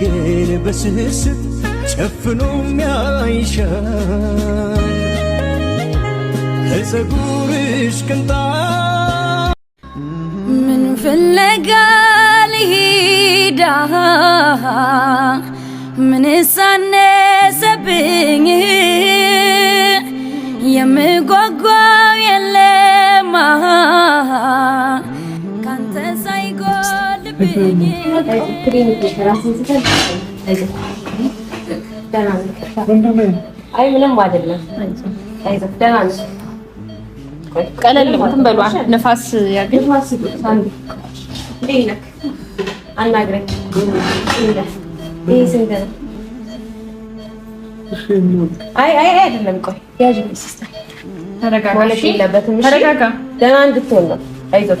ግን በስስት ጨፍኖ ያይሻል ከፀጉርሽ ቅንጣት ምን ፍለጋ ልሂድ ምንስ አነሰብኝ የምጓጓው አይ ምንም አይደለም። ደህና ነሽ? ቀለል እንትን በሏ። ነፋስ አናግረኝ። አይ አይ አይደለም። ቆይ ተረጋጋ። ደህና እንድትሆን ነው። አይዞህ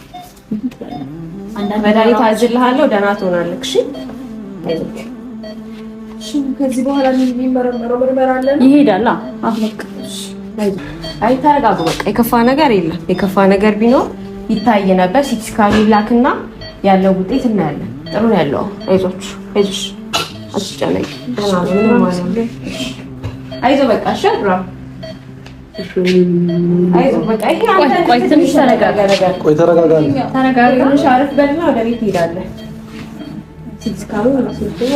መድኃኒት አዝልሃለሁ። ደህና ትሆናለህ። እሺ ከዚህ በኋላ የሚመረመረው ምርመራ አለ ይሄዳል። አይ ተረጋጉ፣ በቃ የከፋ ነገር የለም። የከፋ ነገር ቢኖር ይታይ ነበር። ሲቲ ስካን ላክና ያለው ውጤት እናያለን። ጥሩ ነው ያለው። አይዞች አይዞሽ፣ አትጨነቂ። አይዞ በቃ ቆይ ተረጋጋ። አረፍ በልና ቤት ትሄዳለህ። ያለውን ነገር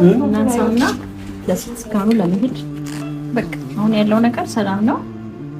ለመሄድ በቃ አሁን ያለው ነገር ሰላም ነው።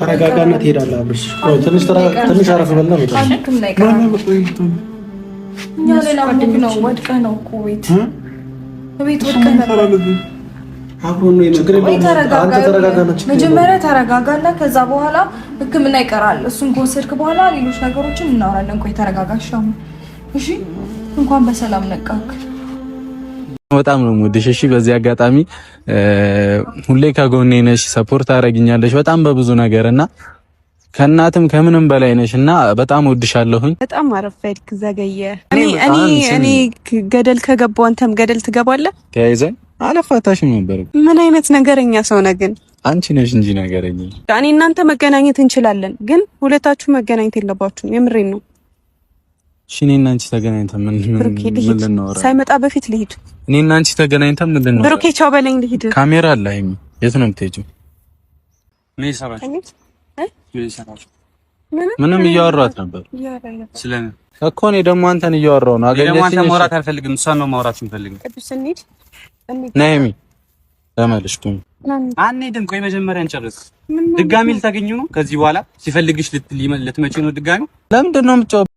ተረጋጋና ትሄዳለህ። አብርሽ ትንሽ ትንሽ አረፍ በልና ነው ወድቀህ ነው መጀመሪያ ተረጋጋና ከዛ በኋላ ሕክምና ይቀራል። እሱን ከወሰድክ በኋላ ሌሎች ነገሮችን እናወራለን። ቆይ ተረጋጋሽ። እሺ እንኳን በሰላም ነቃክ። በጣም ነው የምወድሽ። እሺ፣ በዚህ አጋጣሚ ሁሌ ከጎኔ ነሽ፣ ሰፖርት አረግኛለሽ በጣም በብዙ ነገር እና ከእናትም ከምንም በላይ ነሽ እና በጣም ወድሻለሁኝ። በጣም አረፈድክ፣ ዘገየ። እኔ እኔ እኔ ገደል ከገባው አንተም ገደል ትገባለህ። ተያይዘን አለፋታሽም ነበር። ምን አይነት ነገረኛ ሰው ነህ ግን? አንቺ ነሽ እንጂ ነገረኛ። እኔ እናንተ መገናኘት እንችላለን፣ ግን ሁለታችሁ መገናኘት የለባችሁም። የምሬን ነው። እሺ እኔ እና አንቺ ተገናኝተን ምን ምን ልናወራ? ሳይመጣ በፊት ልሂድ። እኔ እና አንቺ ተገናኝተን ምን ልናወራ? ብሩኬ ቻው በለኝ ልሂድ። ካሜራ አለ አይሚ፣ የት ነው የምትሄጂው? ምንም እያወራት ነበር እኮ እኔ ደግሞ አንተን እያወራሁ ነው። አገኘሽ አንተ ማውራት አልፈልግም፣ እሷን ነው ማውራት የምፈልገው። ቅዱስ እንሂድ። ናይሚ አንኔ አንሄድም። ቆይ መጀመሪያ እንጨርስ። ድጋሚ ልታገኙ ነው ከዚህ በኋላ ሲፈልግሽ ልትመጪ ነው ድጋሚ። ለምንድን ነው የምትጫወ